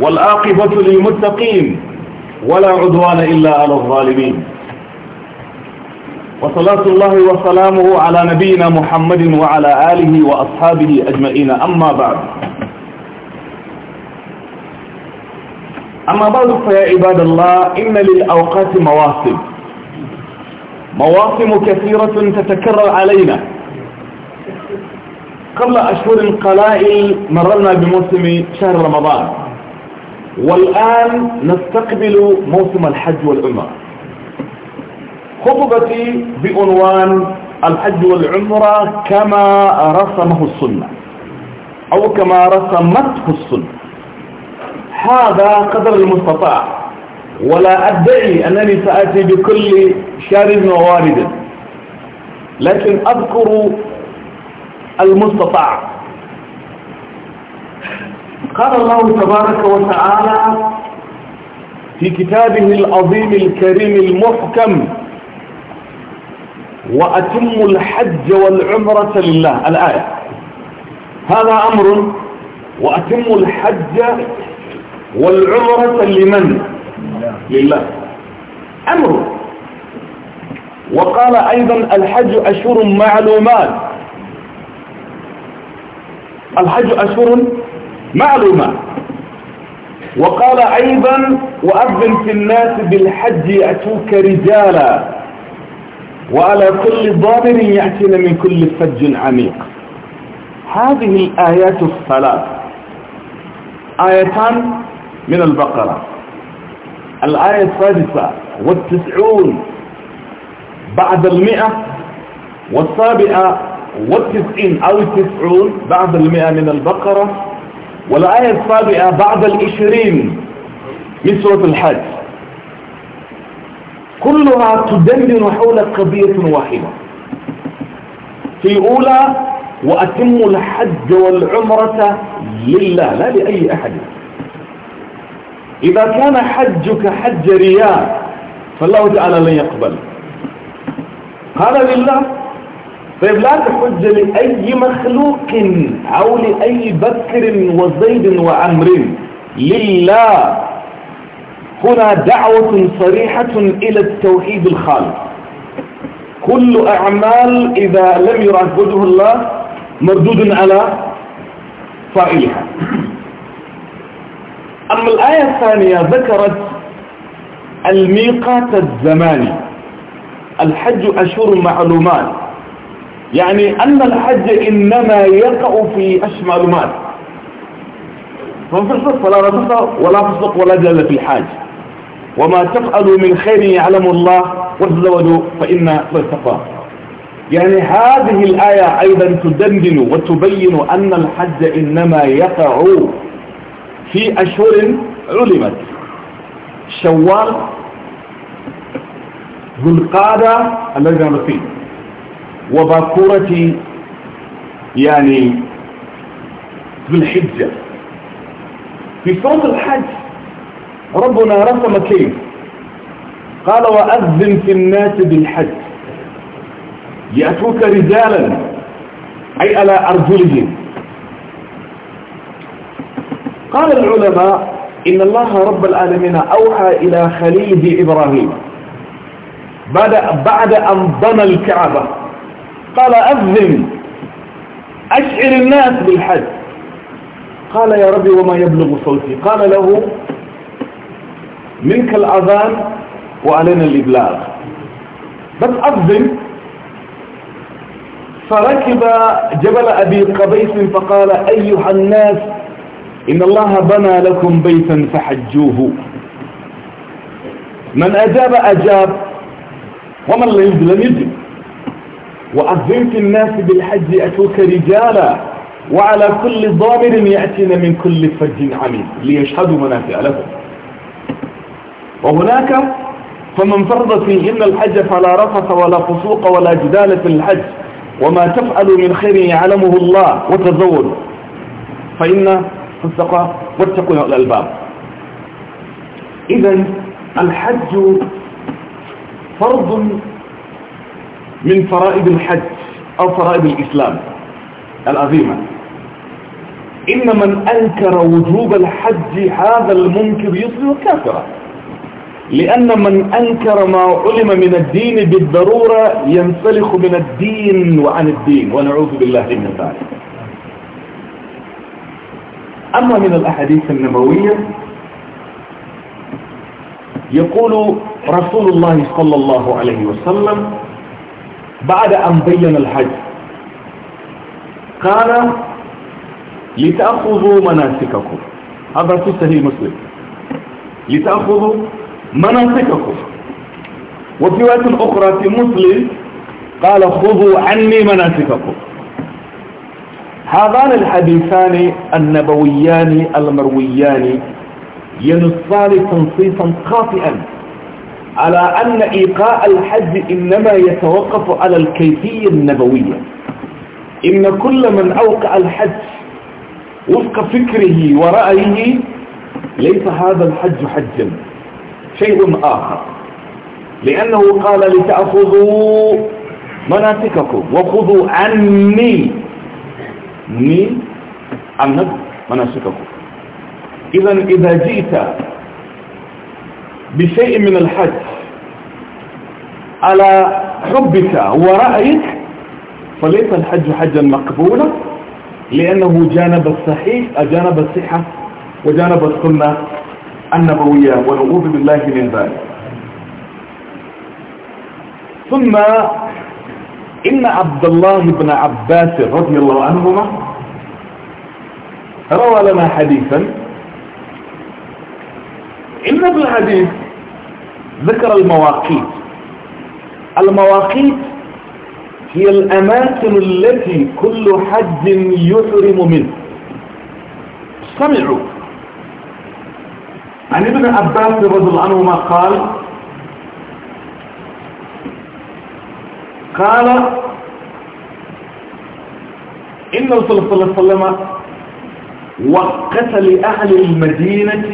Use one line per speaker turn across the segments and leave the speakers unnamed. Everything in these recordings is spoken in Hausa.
والآقبة للمتقين ولا عدوان إلا على الظالمين وصلاة الله وسلامه على نبينا محمد وعلى آله وأصحابه أجمعين أما بعد أما بعد فيا عباد الله إن للأوقات مواسم مواسم كثيرة تتكرر علينا قبل أشهر قلائل مررنا بموسم شهر رمضان والآن نستقبل موسم الحج والعمرة خطبتي بعنوان الحج والعمرة كما رسمه السنة أو كما رسمته السنة هذا قدر المستطاع ولا أدعي أنني سأتي بكل شارد ووارد لكن أذكر المستطاع قال الله تبارك وتعالى في كتابه العظيم الكريم المحكم وأتم الحج والعمرة لله الآية هذا أمر وأتم الحج والعمرة لمن لله أمر وقال أيضا الحج أشهر معلومات الحج أشهر معلومة وقال أيضا وأذن في الناس بالحج يأتوك رجالا وعلى كل ضامر يأتين من كل فج عميق هذه الآيات الثلاث آيتان من البقرة الآية السادسة والتسعون بعد المئة والسابعة والتسعين أو التسعون بعد المئة من البقرة والآية السابعة بعد العشرين من سورة الحج كلها تدندن حول قضية واحدة في أولى وأتم الحج والعمرة لله لا لأي أحد إذا كان حجك حج رياء فالله تعالى لن يقبل هذا لله طيب لا تحج لأي مخلوق أو لأي بكر وزيد وعمر لله هنا دعوة صريحة إلى التوحيد الخالق كل أعمال إذا لم يردده الله مردود على فاعلها أما الآية الثانية ذكرت الميقات الزماني الحج أشهر معلومات يعني أن الحج إنما يقع في أشمال مال فانفسق فلا رفق ولا فسق ولا جل في الحاج وما تفعلوا من خير يعلم الله وتزوجوا فإن تتقى يعني هذه الآية أيضا تدندن وتبين أن الحج إنما يقع في أشهر علمت شوال ذو القادة الذي نحن فيه وباكورة يعني ذو الحجة في صوت الحج ربنا رسم كيف قال وأذن في الناس بالحج يأتوك رجالا أي على أرجلهم قال العلماء إن الله رب العالمين أوحى إلى خليل إبراهيم بعد, بعد أن ضم الكعبة قال أذن أشعر الناس بالحج قال يا ربي وما يبلغ صوتي قال له منك الأذان وعلينا الإبلاغ بس أذن فركب جبل أبي قبيس فقال أيها الناس إن الله بنى لكم بيتا فحجوه من أجاب أجاب ومن لم يجب لم يجب وأذن الناس بالحج أتوك رجالا وعلى كل ضامر يأتين من كل فج عميق ليشهدوا منافع لكم وهناك فمن فرض فيهن الحج فلا رفث ولا فسوق ولا جدال في الحج وما تفعلوا من خير يعلمه الله وتزودوا فإن فسق واتقوا الألباب إذا الحج فرض من فرائض الحج أو فرائض الإسلام العظيمة إن من أنكر وجوب الحج هذا المنكر يصبح كافرا لأن من أنكر ما علم من الدين بالضرورة ينسلخ من الدين وعن الدين ونعوذ بالله من ذلك أما من الأحاديث النبوية يقول رسول الله صلى الله عليه وسلم بعد أن بين الحج قال لتأخذوا مناسككم هذا في صحيح مسلم لتأخذوا مناسككم وفي وقت أخرى في مسلم قال خذوا عني مناسككم هذان الحديثان النبويان المرويان ينصان تنصيصا خاطئا على أن إيقاء الحج إنما يتوقف على الكيفية النبوية إن كل من أوقع الحج وفق فكره ورأيه ليس هذا الحج حجا شيء آخر لأنه قال لتأخذوا مناسككم وخذوا عني ني عنكم مناسككم إذا إذا جئت بشيء من الحج على حبك ورأيك فليس الحج حجا مقبولا لأنه جانب الصحيح جانب الصحة وجانب السنة النبوية ونعوذ بالله من ذلك ثم إن عبد الله بن عباس رضي الله عنهما روى لنا حديثا إن في الحديث ذكر المواقيت المواقيت هي الأماكن التي كل حج يحرم منه سمعوا عن ابن عباس رضي الله عنهما قال قال إن رسول الله صلى الله عليه وسلم وقت لأهل المدينة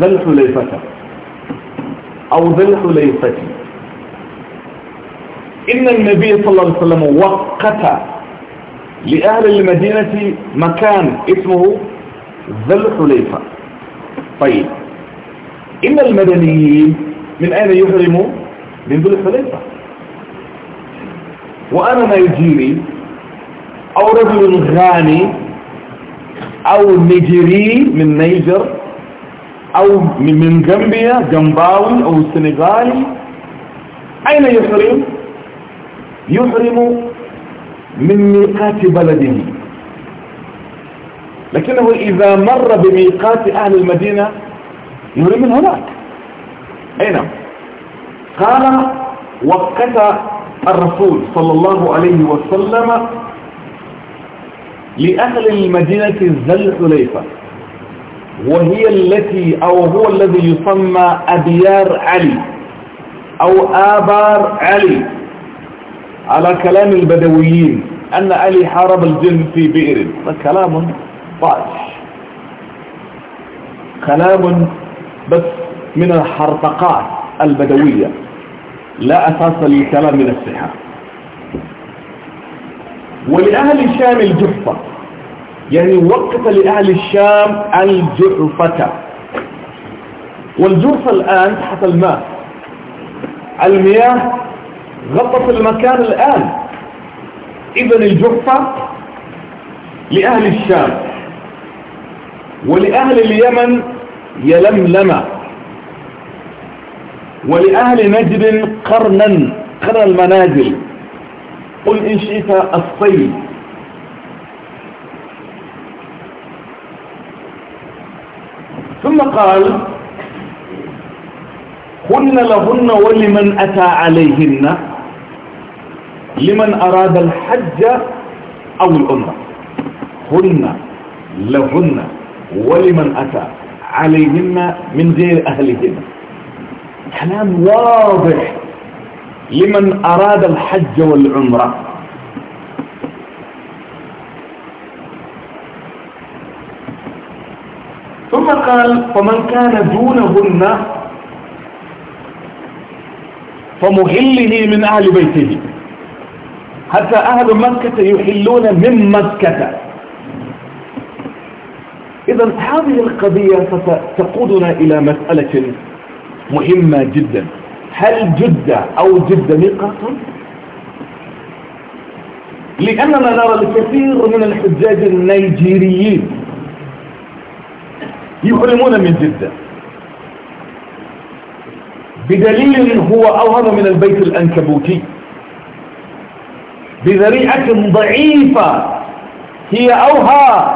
ذل حليفته أو ذل الحليفة إن النبي صلى الله عليه وسلم وقت لأهل المدينة مكان اسمه ذل الحليفة طيب إن المدنيين من أين يحرموا من ذل الحليفة وأنا نيجيري أو رجل غاني أو نيجيري من نيجر أو من جنبيا جنباوي أو سنغالي أين يحرم يحرم من ميقات بلده لكنه إذا مر بميقات أهل المدينة يحرم من هناك أين قال وقت الرسول صلى الله عليه وسلم لأهل المدينة ذل حليفة وهي التي أو هو الذي يسمى أبيار علي أو آبار علي على كلام البدويين أن علي حارب الجن في بئر فكلام طائش كلام بس من الحرطقات البدوية لا أساس لكلام من الصحة ولأهل شام الجفة يعني وقف لأهل الشام الجعفة والجرفة الآن تحت الماء المياه غطت المكان الآن إذا الجرفة لأهل الشام ولأهل اليمن يلملم ولأهل نجد قرنا قرن المنازل قل إن شئت الصيد ثم قال هن لهن ولمن أتى عليهن لمن أراد الحج أو العمرة هن لهن ولمن أتى عليهن من غير أهلهن كلام واضح لمن أراد الحج والعمرة قال فمن كان دونهن فمهله من أهل بيته حتى أهل مكة يحلون من مكة إذا هذه القضية ستقودنا إلى مسألة مهمة جدا هل جدة أو جدة نقاط لأننا نرى الكثير من الحجاج النيجيريين يحرمون من جدة بدليل هو أوهر من البيت الأنكبوتي بذريعة ضعيفة هي أوهى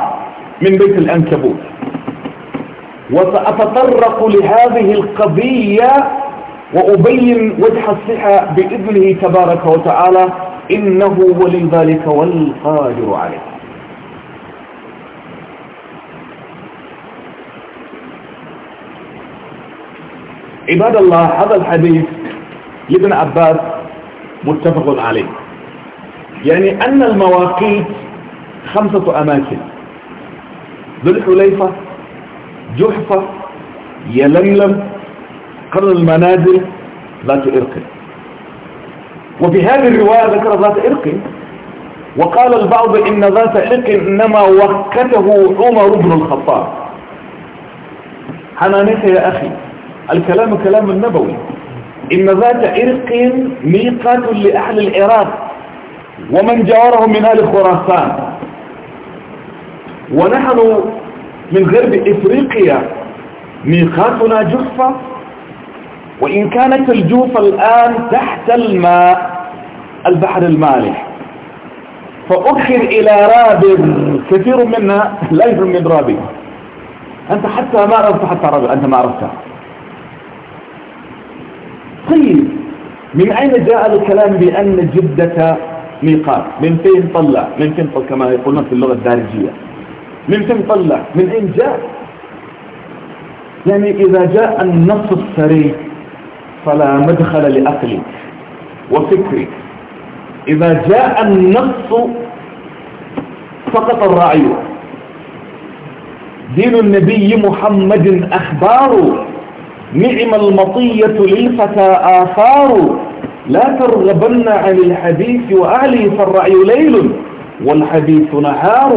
من بيت الأنكبوت وسأتطرق لهذه القضية وأبين وجه الصحة بإذنه تبارك وتعالى إنه ولي ذلك والقادر عليه عباد الله هذا الحديث لابن عباس متفق عليه يعني أن المواقيت خمسة أماكن ذو الحليفة جحفة يلملم قرن المنازل ذات إرق وفي هذه الرواية ذكر ذات إرق وقال البعض إن ذات إرق إنما وكته عمر بن الخطاب حنانيك يا أخي الكلام كلام النبوي إن ذات عرق ميقات لأهل العراق ومن جاره من أهل خراسان ونحن من غرب إفريقيا ميقاتنا جفة وإن كانت الجوفة الآن تحت الماء البحر المالح فأدخل إلى رابر كثير منا لا يفهم من رابر أنت حتى ما عرفت حتى رابر أنت ما عرفتها طيب من أين جاء الكلام بأن جدة ميقات من فين طلع من فين طلع كما يقولون في اللغة الدارجية من فين طلع من أين جاء يعني إذا جاء النص السريع فلا مدخل لأقلي وفكري إذا جاء النص فقط الرعي دين النبي محمد أخباره نعم المطية للفتى آثار لا ترغبن عن الحديث وأهله فالرأي ليل والحديث نهار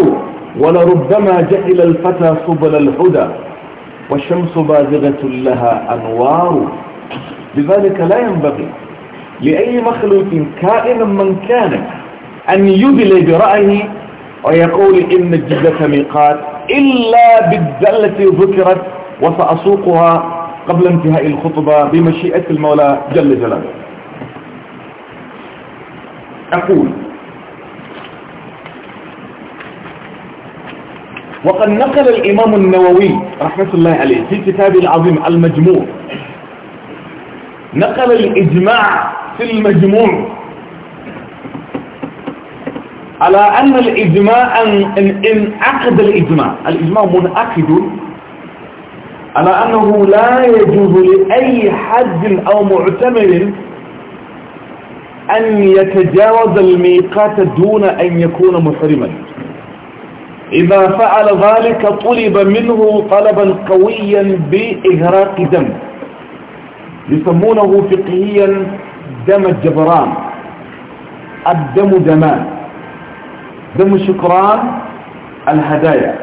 ولربما جهل الفتى سبل الهدى والشمس بازغة لها أنوار لذلك لا ينبغي لأي مخلوق كائن من كان أن يدل برأيه ويقول إن الجدة ميقات إلا بالدلة ذكرت وسأسوقها قبل انتهاء الخطبة بمشيئة المولى جل جلاله أقول وقد نقل الإمام النووي رحمة الله عليه في كتابه العظيم المجموع نقل الإجماع في المجموع على أن الإجماع أن انعقد الإجماع الإجماع منعقد على أنه لا يجوز لأي حد أو معتمر أن يتجاوز الميقات دون أن يكون محرما إذا فعل ذلك طلب منه طلبا قويا بإغراق دم يسمونه فقهيا دم الجبران الدم دمان دم الشكران الهدايا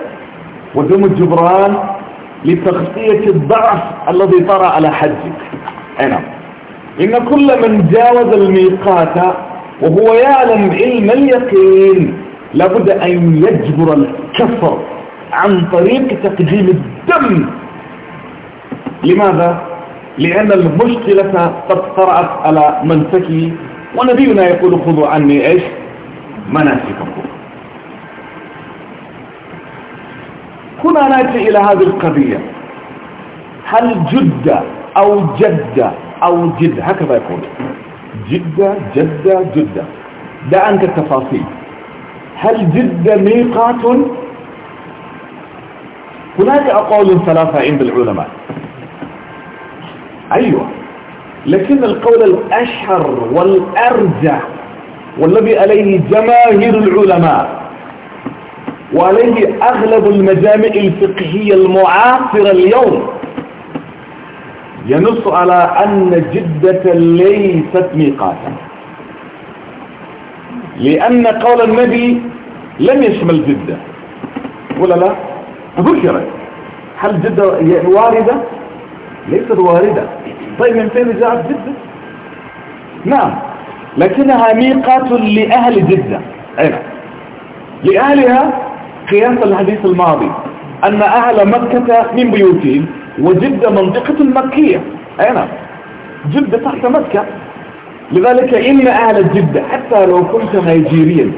ودم الجبران لتغطية الضعف الذي طرأ على حجك أي نعم إن كل من جاوز الميقات وهو يعلم علم اليقين لابد أن يجبر الكفر عن طريق تقديم الدم لماذا؟ لأن المشكلة قد طرأت على منسكه ونبينا يقول خذوا عني إيش؟ مناسككم هنا نأتي إلى هذه القضية هل جدة أو جدة أو جدة هكذا يقول جدة جدة جدة دع عنك التفاصيل هل جدة ميقات هناك أقوال ثلاثة عند العلماء أيوة لكن القول الأشهر والأرجح والذي عليه جماهير العلماء وعليه أغلب المجامع الفقهية المعاصرة اليوم ينص على أن جدة ليست ميقاتا لأن قول النبي لم يشمل جدة ولا لا ذكرت هل جدة واردة ليست واردة طيب من فين جاءت جدة نعم لكنها ميقات لأهل جدة أين لأهلها قياس الحديث الماضي أن أهل مكة من بيوتهم وجدة منطقة مكية نعم جدة تحت مكة لذلك إن أهل الجدة حتى لو كنت نيجيريا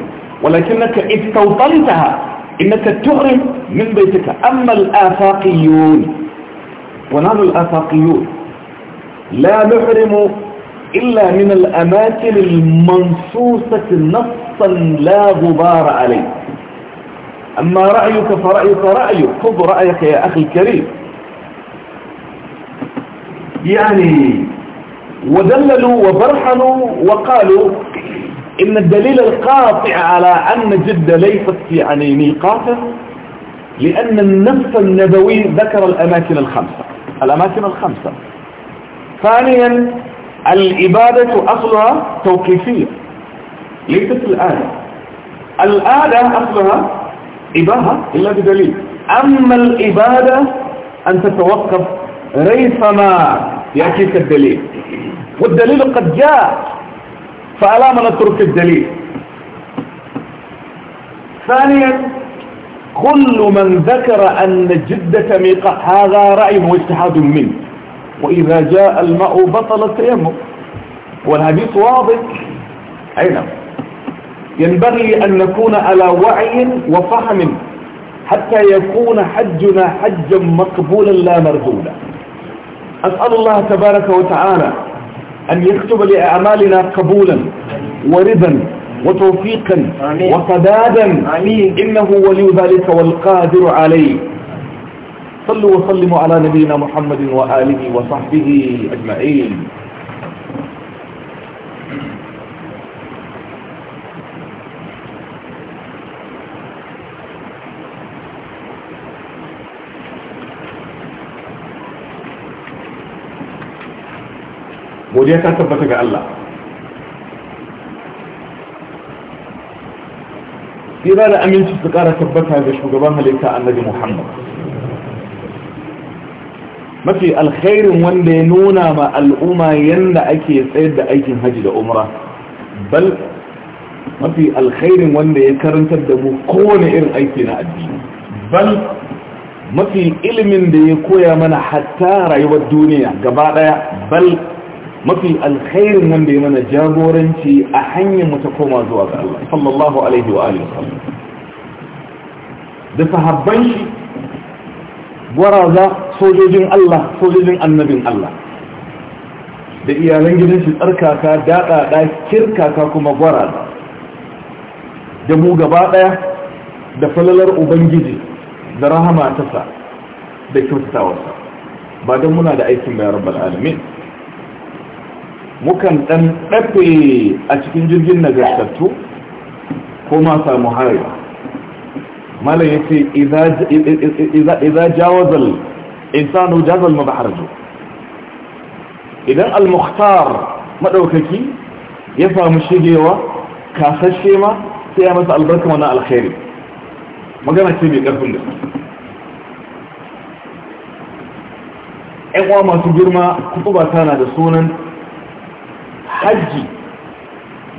ولكنك استوطنتها إنك تهرب من بيتك أما الآفاقيون ونحن الآفاقيون لا نحرم إلا من الأماكن المنصوصة نصا لا غبار عليه أما رأيك فرأيك رأيك خذ رأيك يا أخي الكريم يعني ودللوا وبرحنوا وقالوا إن الدليل القاطع على أن جدة ليست يعني ميقاتا لأن النفس النبوي ذكر الأماكن الخمسة الأماكن الخمسة ثانيا الإبادة أصلها توقيفية ليست الآلة الآلة أصلها إباحة إلا بدليل أما الإبادة أن تتوقف ريثما يأتيك الدليل والدليل قد جاء فألا من نترك الدليل ثانيا كل من ذكر أن جدة ميقا هذا رأي واجتحاد منه وإذا جاء الماء بطل التيمم والحديث واضح أي نعم ينبغي أن نكون على وعي وفهم حتى يكون حجنا حجا مقبولا لا مردودا أسأل الله تبارك وتعالى أن يكتب لأعمالنا قبولا ورضا وتوفيقا آمين. وصدادا آمين. إنه ولي ذلك والقادر عليه صلوا وسلموا على نبينا محمد وآله وصحبه أجمعين godiya ta tabbata ga Allah tsira da aminci su kara tabbata ga shugaban halitta annabi muhammad mafi alkhairin wanda ya nuna ma al'umma yadda ake tsayar da aikin haji da umra bal mafi alkhairin wanda ya karantar da mu kowane irin aiki na addini bal mafi ilimin da ya koya mana hatta rayuwar duniya gaba daya bal mafi alkhairin nan ya mana jagoranci a hanyar mu ta koma zuwa ga Allah sallallahu alaihi wa alihi da sahabban shi gwaraza sojojin Allah sojojin annabin Allah da iyalan gidan shi tsarkaka daɗaɗa kirkaka kuma gwaraza da mu gaba ɗaya da falalar ubangiji da rahama tasa da kyautatawarsa ba don muna da aikin bayar rabbal alamin mukan ɗan ɗafe a cikin jirgin nagartattu ko ma samu hari mala ya ce iza jawazal insanu jazal mabaharju idan al-mukhtar maɗaukaki ya samu shigewa kasashe ma sai ya masa albarka wannan alkhairi magana ce mai ƙarfin da ‘yan uwa masu girma ba tana da sunan hajji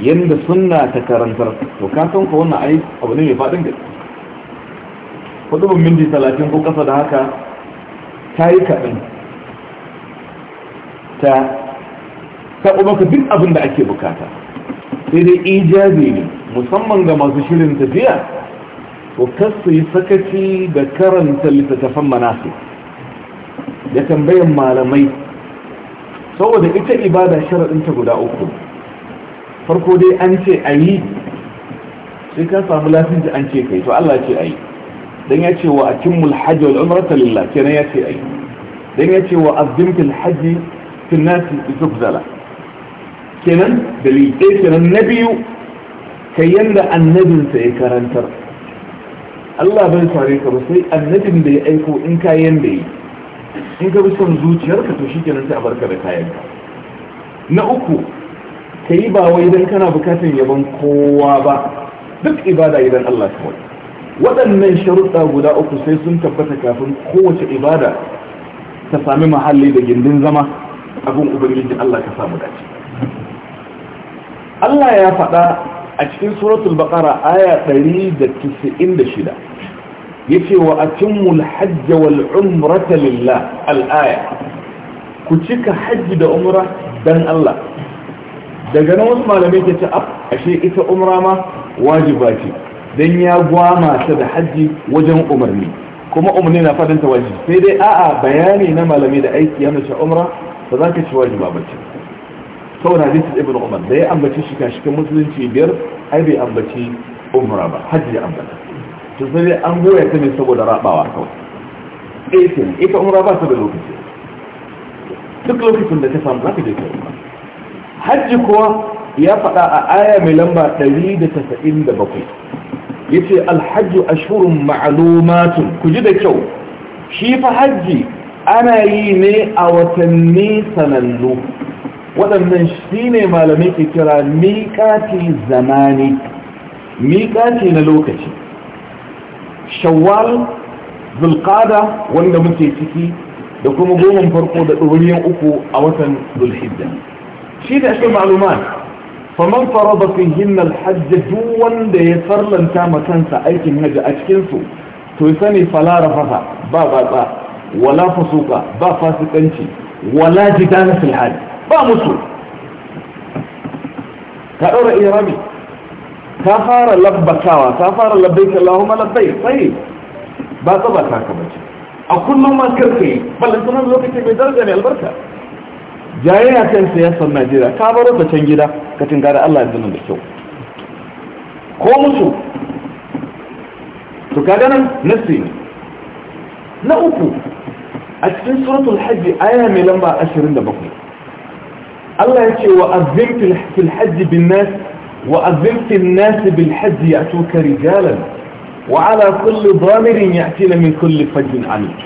yadda sunna ta karantar to ka san ko wannan ai abu ne mai fadin gaske hudu bin minti talatin ko kasa da haka ta yi kaɗan ta taɓa maka duk abin da ake bukata sai dai ijazi ne musamman ga masu shirin tafiya ko kasu yi sakaci da karanta littattafan manasi da tambayan malamai saboda ita ibada sharaɗinta guda uku farko dai an ce a yi sai ka samu lafin da an ce kai to Allah ce a yi dan ya ce wa a akimul hajj wal umrata lillah kenan ya ce a yi dan ya ce wa azimtul hajj fil nas tufzala kenan dalil ɗaya kenan na biyu kai yanda annabinsa ya karantar Allah bai sare ka ba sai annabin da ya aiko in ka yanda yi in ga son zuciyarka to shi kenan sai a barka da kayan na uku ka yi ba wai idan kana bukatan yabon kowa ba duk ibada idan Allah kawai waɗannan sharuɗa guda uku sai sun tabbata kafin kowace ibada ta sami mahalli da gindin zama abin ubangiji Allah ka samu dace Allah ya faɗa a cikin suratul baqara aya 196 yace wa atimmul hajj wal umrata lillah al-aya ku cika hajji da umra dan Allah daga nan wasu malamai ke ce ashe ita umra ma wajiba ce dan ya gwama ta da hajji wajen umarni kuma umarni na fadin ta wajibi sai dai a'a bayani na malamai da aiki ya nace umra ba za ka ci wajiba ba ce saboda hadisi ibn umar da ya ambaci shi kan musulunci biyar ai bai ambaci umra ba hajji ya ambata to sai an goya ta ne saboda rabawa kawai ɗaya eh, ita umra ba ta da lokaci duk lokacin da ta samu za ta je kai umra hajji kuwa ya faɗa a aya mai lamba 197 yace alhajju ashhurun ma'lumatun ku ji da kyau shi fa hajji ana yi ne a watanni sanannu waɗannan shi ne malamai ke kira miƙati zamani miƙati na lokaci shawwal zulqada wanda muke ciki da kuma goman farko da ɗoriyan uku a watan zulhijja shi da shi ma'lumat faman farada fihinna alhajj duk wanda ya sarlanta ma aikin hajji a cikin su to sani fala fasa ba batsa wala fasuka ba fasikanci wala jidala fil ba musu ka ɗora irami ta fara labbatawa ta fara labbaik Allahumma labbai sai ba ta ba ta kaba ce a kullum ma karfe yi ballan sunan lokaci mai daraja mai albarka jayayya sai siyasar Najeriya ka baro ta can gida ka tingara Allah ya da kyau ko musu to kaga nan nasi na uku a cikin suratul hajji aya mai lamba 27 Allah ya ce wa azzim fil hajji bin nas وأذنت الناس بالحج يأتوك رجالا وعلى كل ضامر يأتين من كل فج عنك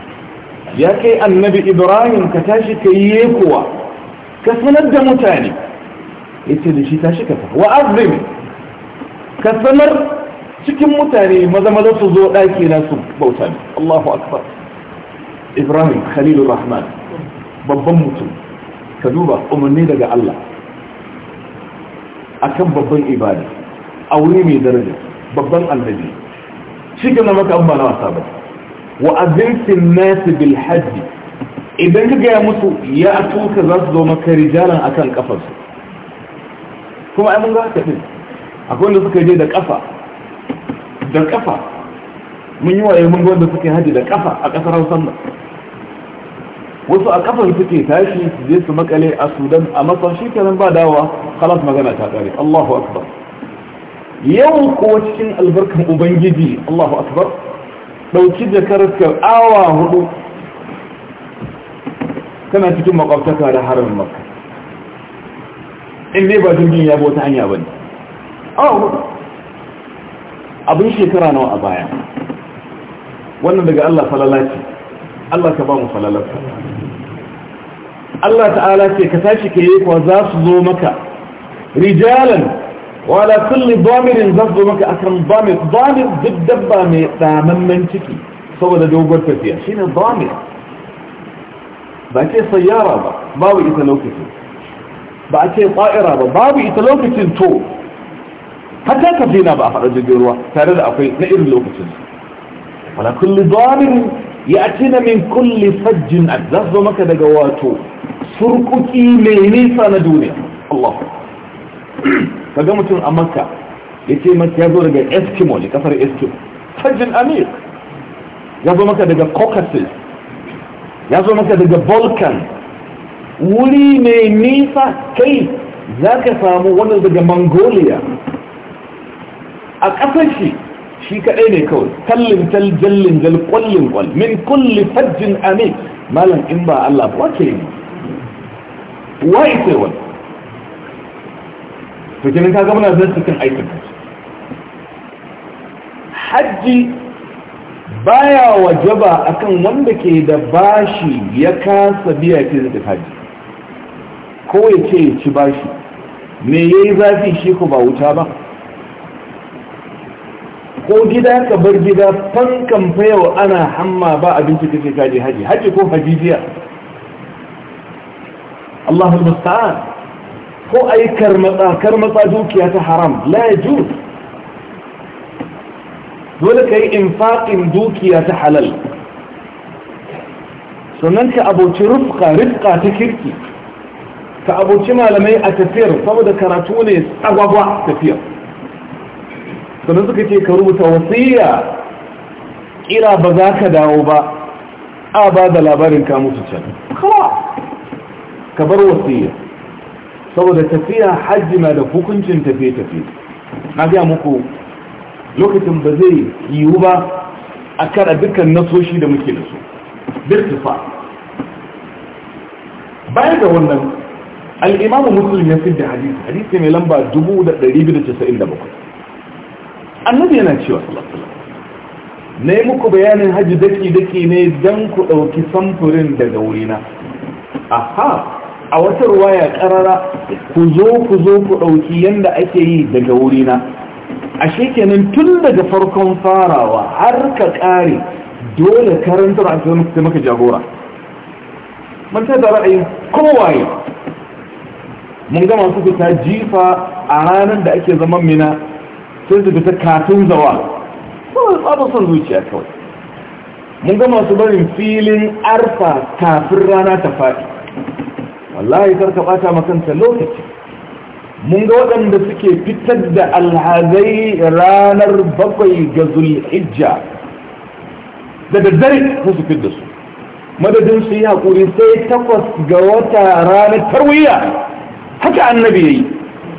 ياكي النبي إبراهيم كتاشك يكوى كسند متاني يتدشي تاشكك وأذن كسند شكم متاني ماذا ماذا تزوء لايكي ناس بوتاني الله أكبر إبراهيم خليل الرحمن ببمت كذوبة أمني لك الله akan babban ibada aure mai daraja babban annabi shi kana maka amma na wasa ba wa azintin nas bil idan ka ga musu ya atuka za su zo maka rijalan akan kafarsu. su kuma ai mun ga haka din akwai wanda suka je da kafa da kafa mun yi waye mun ga wanda suka haji da kafa a kasar Hausa nan wasu a kafar suke tashi su je su makale a sudan a masar shi kenan ba dawa halas magana ta kare allahu akbar yau kuwa cikin albarkar ubangiji allahu akbar ɗauki jakarka awa hudu kana cikin makwabtaka da harin makka in ne ba jirgin ya bota hanya ba ne abin shekara nawa a baya wannan daga allah falala ce allah ka ba mu falalarsa Allah ta'ala ce ka tashi ka yi kuwa za su zo maka rijalan wala kulli bamirin za su zo maka akan bamir bamir duk dabba mai tsamammen ciki saboda dogon tafiya shine bamir ba ce sayyara ba babu ita lokacin ba a ce tsa'ira ba babu ita lokacin to hatta kafina ba a faɗa jirgin ruwa tare da akwai na irin lokacin wala kulli bamirin ya tina min kulli fajjin azzazo maka daga wato furkuki mai nisa na duniya Allah ga mutum a makka ya ce ya zo daga eskimo ne kasar eskimo hajjin amir ya zo maka daga caucasus ya zo maka daga balkan wuri mai nisa kai za ka samu wani daga mongolia a ƙasar shi shi kaɗai ne kawai tallin tal jallin jal kwallin kwal min kulli fajjin amir malam in ba allah ba ke yi wa sai wani to kenan ka muna zan cikin aikin hajji baya wajaba akan wanda ke da bashi ya kasa biya ce zai hajji ko ya ce ci bashi me ya yi zafi shi ko ba wuta ba ko gida ka bar gida fankan fayawa ana hamma ba abinci kake kaje haji haji ko hajijiya Allahul musta'an ko a yi karmatsa dukiya ta haram la ya dole ka yi infaƙin dukiya ta halal sanan ka abuci rufka rufka ta kirki ka abuci malamai a tafiyar saboda karatu ne tsagwagwa tafiyar sannan suka ce ka rubuta wasiya kira ba za ka dawo ba a ba da labarin ka mutu can ka bar wasiya saboda tafiya hajji na da hukuncin tafiye-tafiye na gaya muku lokacin ba zai yiwu ba a kara dukkan nasoshi da muke da su birtifa bayan da wannan al'imamu musulun ya fi da hadisi hadisi mai lamba 2,297 annabi yana cewa na yi muku bayanin hajji daki-daki ne don ku ɗauki samfurin daga wurina aha a wata ruwaya karara ku zo ku zo ku ɗauki yadda ake yi daga wurina ashe kenan tun daga farkon farawa har ka ƙare dole karantar a cikin sai maka jagora mun da ra'ayin kowaye mun gama su fita jifa a ranar da ake zaman mina sai su fita katun zawa ba tsaba son zuciya kawai mun gama su barin filin arfa kafin rana ta faɗi wallahi karka bata makanta lokaci mun ga waɗanda suke fitar da alhazai ranar bakwai ga zulhijja da daddare su su fitar su madadin su yi haƙuri sai takwas ga wata ranar tarwiyya haka annabi ya yi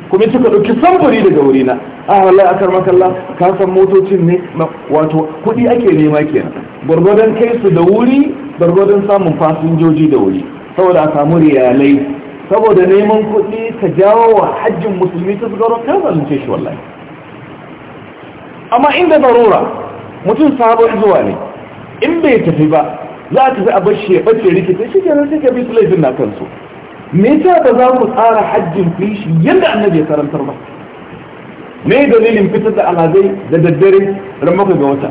kuma suka ɗauki samfuri daga wurina a ah, wallahi akar makalla ka san motocin ne wato kuɗi ake nema kenan gwargwadon kai su da wuri gwargwadon samun fasinjoji da wuri saboda a samu riyalai saboda neman kuɗi ta jawo wa hajjin musulmi ta zugaron ta zalunce shi wallahi amma inda zarura mutum sabo zuwa ne in bai tafi ba za a tafi a bashi ya bace rikice shi ke sai bi su laifin na kansu me yasa ba za ku tsara hajjin ku yadda annabi ya karantar ba me dalilin fitar da alhazai da daddare ran maka ga wata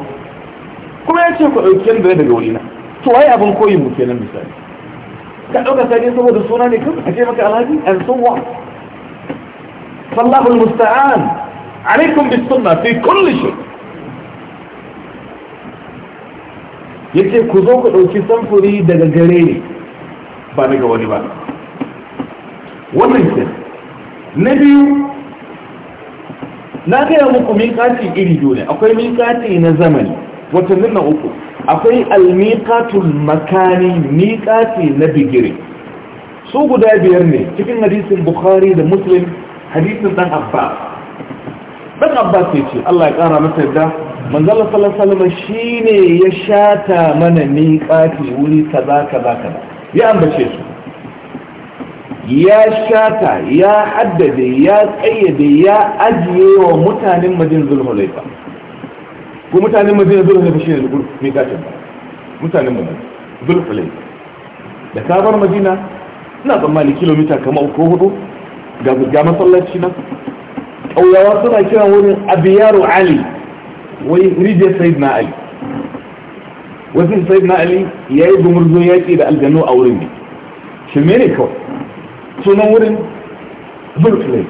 kuma ya ce ku ɗauki yadda daga wurina to waye abin koyi mu kenan misali ka ɗauka sai saboda suna ne kan a ce maka alhaji and so what sallahu musta'an alaikum bis sunna fi kulli shay yace ku zo ku ɗauki samfuri daga gare ne ba daga wani ba wannan ce na biyu na gaya muku miƙati iri biyu ne akwai miƙati na zamani watannin na uku akwai almiqatul makani miqati na digiri. su guda biyar ne cikin hadisin bukhari da muslim hadisin dan abba. dan abba ce Allah ya kara masa yadda manzala sallallahu alaihi wasallam shine ya shata mana miqati wuri kaza kaza kaza ya ambace su ya shata ya haddade ya kayyade ya ajiye wa mutanen madin zulhulaifa ko mutanen madina zuwa na shi ne zuwa mai kacin ba mutanen madina zuwa kulai da kabar madina suna tsammani kilomita kama uku hudu ga ga masallaci na ƙauyawa suna kiran wurin abiyaru ali wai rijiyar sayid na ali wasu sayid na ali ya yi gumurzon yaƙi da aljanu a wurin ne shi ne kawai sunan wurin kulai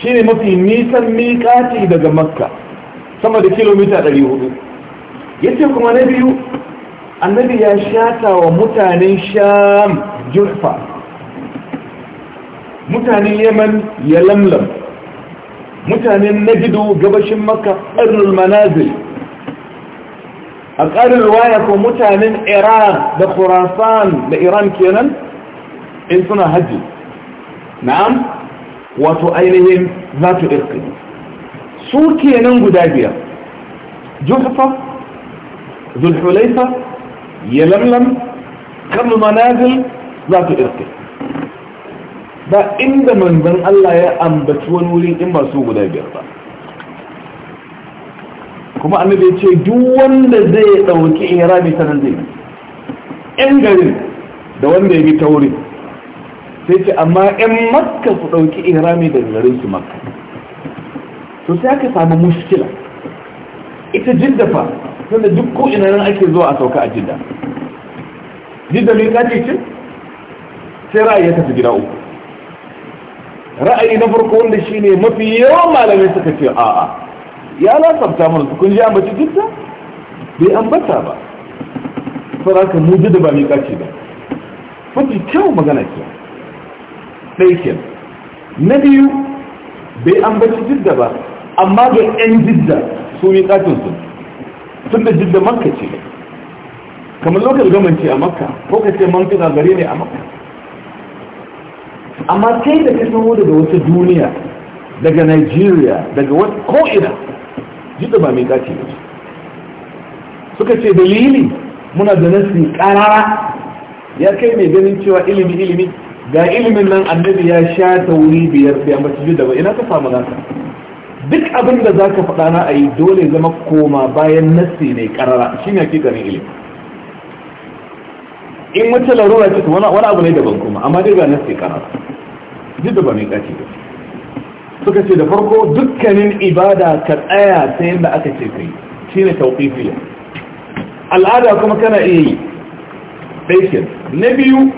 shi ne mafi nisan miƙaci daga makka sama da kilomita 400 yace kuma na biyu annabi ya shata wa mutanen sham jurfa mutanen yaman ya lamlam mutanen najidu gabashin maka ƙarnul manazil a ƙarin ruwaya ko mutanen iran da khurasan da iran kenan in suna hajji na'am wato ainihin za tu irkini su kenan guda biyar juhafa zulhulaifa yalamlam kan manazil za ta irke ba inda manzan Allah ya ambaci wani wuri in ba su guda biyar ba kuma annabi ya ce duk wanda zai dauki irami ta nan zai yan garin da wanda ya bi ta wuri sai ce amma yan makka su dauki irami daga garin su makka to sai aka samu mushkila ita jidda fa tunda duk ko ina nan ake zuwa a sauka a jidda jidda mai kace ce sai ra'ayi ya tafi gida uku ra'ayi na farko wanda shi ne mafi yawan malamai suka ce a'a ya lasafta mana kun ji ambaci jidda bai ambata ba saraka mu jidda ba mai kace ba mafi kyau magana ke ɗaya ke na biyu bai ambaci jidda ba amma ga yan jidda su katin su tun da jidda makka ce kamar lokacin gamanci a makka ko ka ce man kina gare ne a makka amma kai da ka samu daga wata duniya daga nigeria daga wata ko'ina jidda ba miƙaci ba suka ce dalili muna da nasi ƙarara ya kai mai ganin cewa ilimi ilimi ga ilimin nan annabi ya sha tauri biyar sai a mace jidda ba ina ka samu nasa duk abin da za ka faɗa na a yi dole zama koma bayan nassi ne ƙarara shi ne hakikanin ilimi in wata larura ce wani abu ne daban kuma amma dai ga nassi ƙarara duk da ba mai ƙaci ba suka ce da farko dukkanin ibada ka tsaya ta yadda aka ce kai shi ne tauƙifiya al'ada kuma kana iya yi ɗaikin na biyu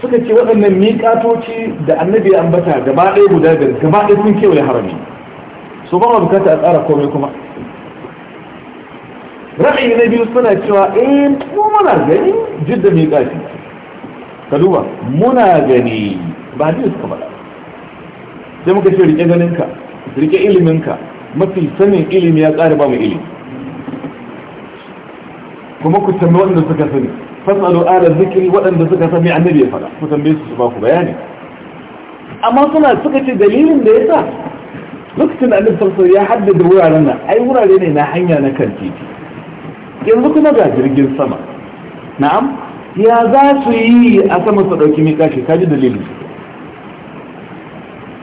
suka ce waɗannan miƙatoci da annabi ya ambata gaba ɗaya guda biyar gaba ɗaya sun kewaye harami su ba bukata a tsara komai kuma ra'ayi na biyu suna cewa eh mu muna gani jidda mai kafi ka duba muna gani ba ni suka faɗa sai muka ce rike ganinka rike iliminka mafi sanin ilimi ya ƙara ba mu ilimi kuma ku tambayi waɗanda suka sani fasalu ala zikiri waɗanda suka sani annabi ya faɗa ku tambaye su su ba ku bayani amma suna suka ce dalilin da ya sa. lokacin da annabi sallallahu ya haddada wuraren nan ai wurare ne na hanya na kan titi yanzu kuma ga jirgin sama na'am ya za su yi a sama su dauki miƙa shi ji dalilin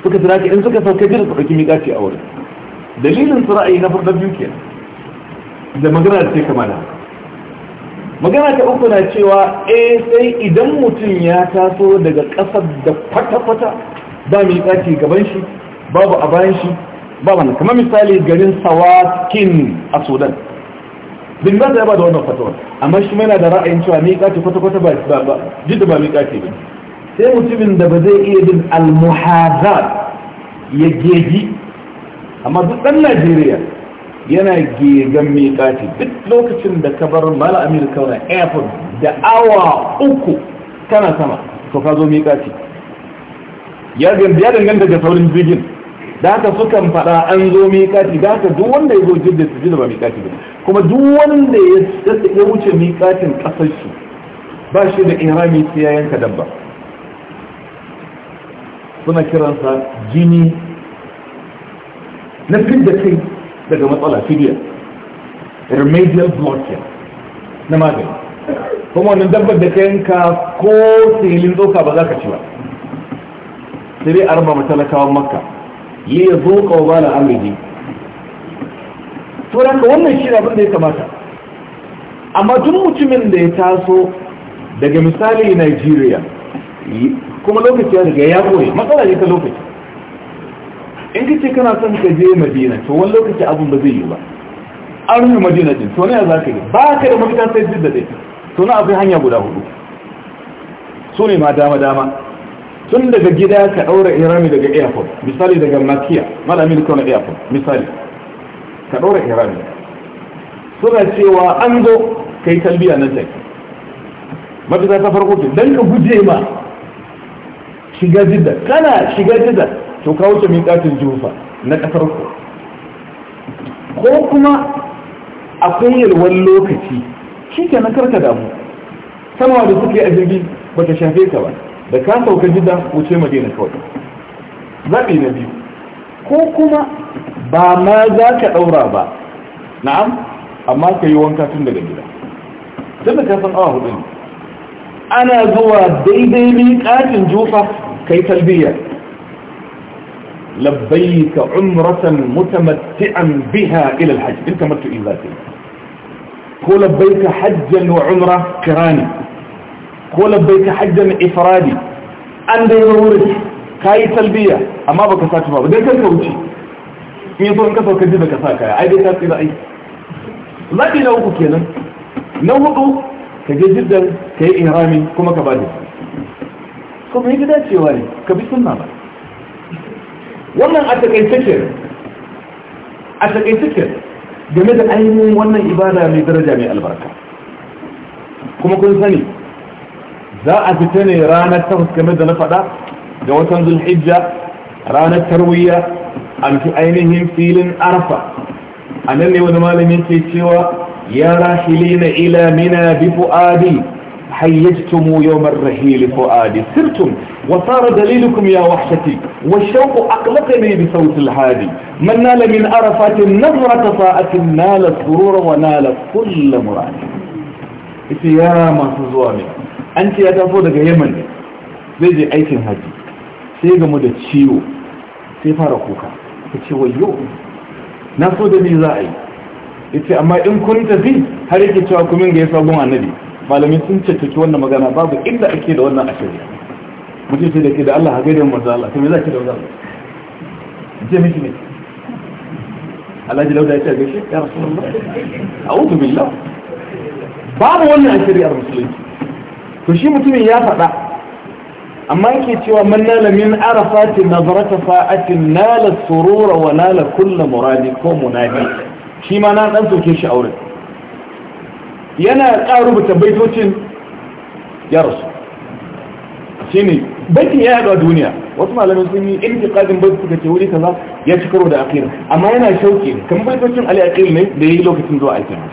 suka ka in suka sauka jira su dauki miƙa shi a wurin dalilin su ra'ayi na farkon biyu kenan da magana da ce kama da magana ta uku na cewa eh sai idan mutum ya taso daga ƙasar da kwata-kwata ba ɗaki gaban shi babu a bayan shi babu na kama misali garin sawakin a sudan bin ba ta yaba da wannan fatawar amma shi mai na da ra'ayin cewa miƙa ce kwata-kwata ba jidda ba miƙa ce ba sai mutumin da ba zai iya bin almuhazar ya geji amma duk ɗan najeriya yana gegan miƙa ce duk lokacin da ka bar mala amir kauna airport da awa uku kana sama to ka zo miƙa ce ya danganta da saurin jirgin da haka sukan faɗa an zo miƙati da haka duk wanda ya zo jirgin su da ba miƙati ba kuma duk wanda ya wuce miƙatin ƙasar su ba shi da irami sai ya yanka dabba suna kiransa jini na da kai daga matsala fidiya remedial blood na magani kuma wannan dabbar da ka yanka ko silin tsoka ba za ka ci ba sai dai arba matalakawan makka yi ya zo kawo ba da amurji to da wannan shi abin da ya kamata amma duk mutumin da ya taso daga misali nigeria kuma lokaci ya daga ya koyi matsala ne ta lokaci in ka ce kana son ka je madina to wani lokaci abin ba zai yi ba an rufe madina din to ne ya za ka yi ba ka da mafita sai jidda dai to na akwai hanya guda hudu su ne ma dama dama tun daga gida ka ɗaura irami daga airport misali daga makiya malamin kawai airport misali ka ɗaura irami suna cewa an zo ka yi talbiya nan jai mafi ta farko ke don ka guje ma shiga jidda kana shiga jidda to ka wuce miƙatin jufa na ƙasar ku ko kuma kunyar wani lokaci shi ke na karka damu samawa da suke a jirgi ba ta shafe ka ba da ka sauka gida wuce madina kawai zaɓi na biyu ko kuma ba ma za ka ɗaura ba na'am amma ka yi wanka tun daga gida tun da ka san awa hudu ne ana zuwa daidai ne miƙatin jufa kai labbai ka umratan mutamatti'an biha ilal hajji in ka tamattu in yi ko labbai ka hajjan wa umra kirani ko labbai ka hajjan ifradi an dai zo wurin ka yi talbiya amma ba ka sa tufa ba dai kan ka wuce in yi so in ka sauka ji baka sa kaya ai dai ta tsira ai zaɓi na uku kenan na hudu ka je jiddan ka yi irami kuma ka bada kuma yi gida cewa ne ka bi sunna ba wannan a takaice ke a takaice ke game da ainihin wannan ibada mai daraja mai albarka kuma kun sani za a fita ne ranar takwas kamar da na faɗa da watan zulhijja ranar tarwiyya a fi ainihin filin arfa a nan ne wani malami ke cewa ya rahili na ila mina bi fu'adi hayyajtumu yawmar rahil fu'adi sirtum wa sara dalilukum ya wahshati wa shawqu aqlaqani bi sawt al hadi man nala min arafat nazrat sa'atin nala surura wa nala kull murad ita yara masu zuwa ne an ce ya taso daga yemen zai je aikin haji sai gamu da ciwo sai fara kuka ta ce wayo na so da ni za a yi ya ce amma in kun tafi har yake cewa kumin ga ya sabon annabi malamai sun cattaki wannan magana babu inda ake da wannan ashirya mutum sai da ke da Allah ha gaidan maza Allah to me za ki da wannan je miki ne Alhaji Dauda ya ce gashi ya Rasulullah a'udhu billah babu wannan ashirya musulunci to shi mutumin ya faɗa amma yake cewa man nala min arafati nazarata fa'atin nala surura wa nala kulla muradi ko munafi shi ma na dan soke shi aure yana ƙaru rubuta baitocin ya rasu shi ne baitin ya yaɗa duniya wasu malamin sun yi intiqadin bai suka ce wuri kaza ya ci karo da akil amma yana shauki kan baitocin ali akil ne da ya yi lokacin zuwa aikin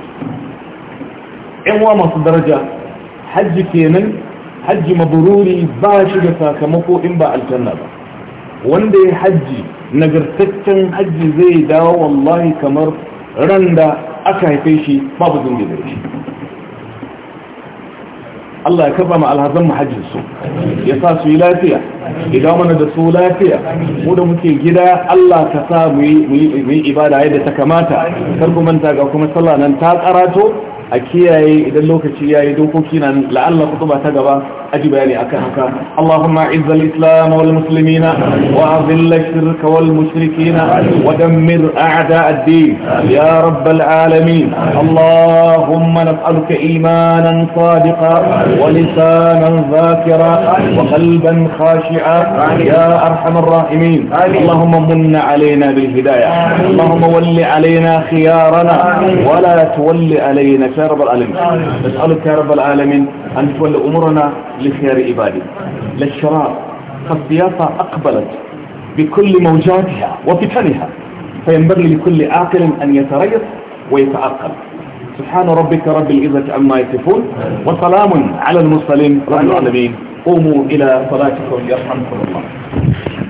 yan uwa masu daraja hajji kenan hajji mabururi ba shi da sakamako in ba aljanna ba wanda ya hajji nagartaccen hajji zai dawo wallahi kamar ran da aka haife shi babu zungi da shi Allah ya kafa ma alhazan hajji su ya sa su yi lafiya ya mana da su lafiya mu da muke gida Allah ka sa mu yi ibada yadda ta kamata kar ku manta ga kuma sallah nan ta karato a kiyaye idan lokaci yayi dokoki nan la'alla kutuba ta gaba aji bayani akan haka Allahumma izzal islam wal muslimina wa azil shirk wal mushrikina wa dammir a'da ad-din ya rabbal alamin Allahumma nas'aluka imanan sadiqa wa lisanan zakira wa qalban khashi'a ya arhamar rahimin Allahumma munna علينا بالهداية اللهم ول علينا خيارنا ولا تول علينا يا رب العالمين نسألك يا رب العالمين أن تولى أمورنا لخير عبادي للشرار فالسياسة أقبلت بكل موجاتها وفتنها فينبغي لكل عاقل أن يتريث ويتعقل سبحان ربك رب العزة عما يصفون وسلام على المرسلين رب العالمين قوموا إلى صلاتكم يرحمكم الله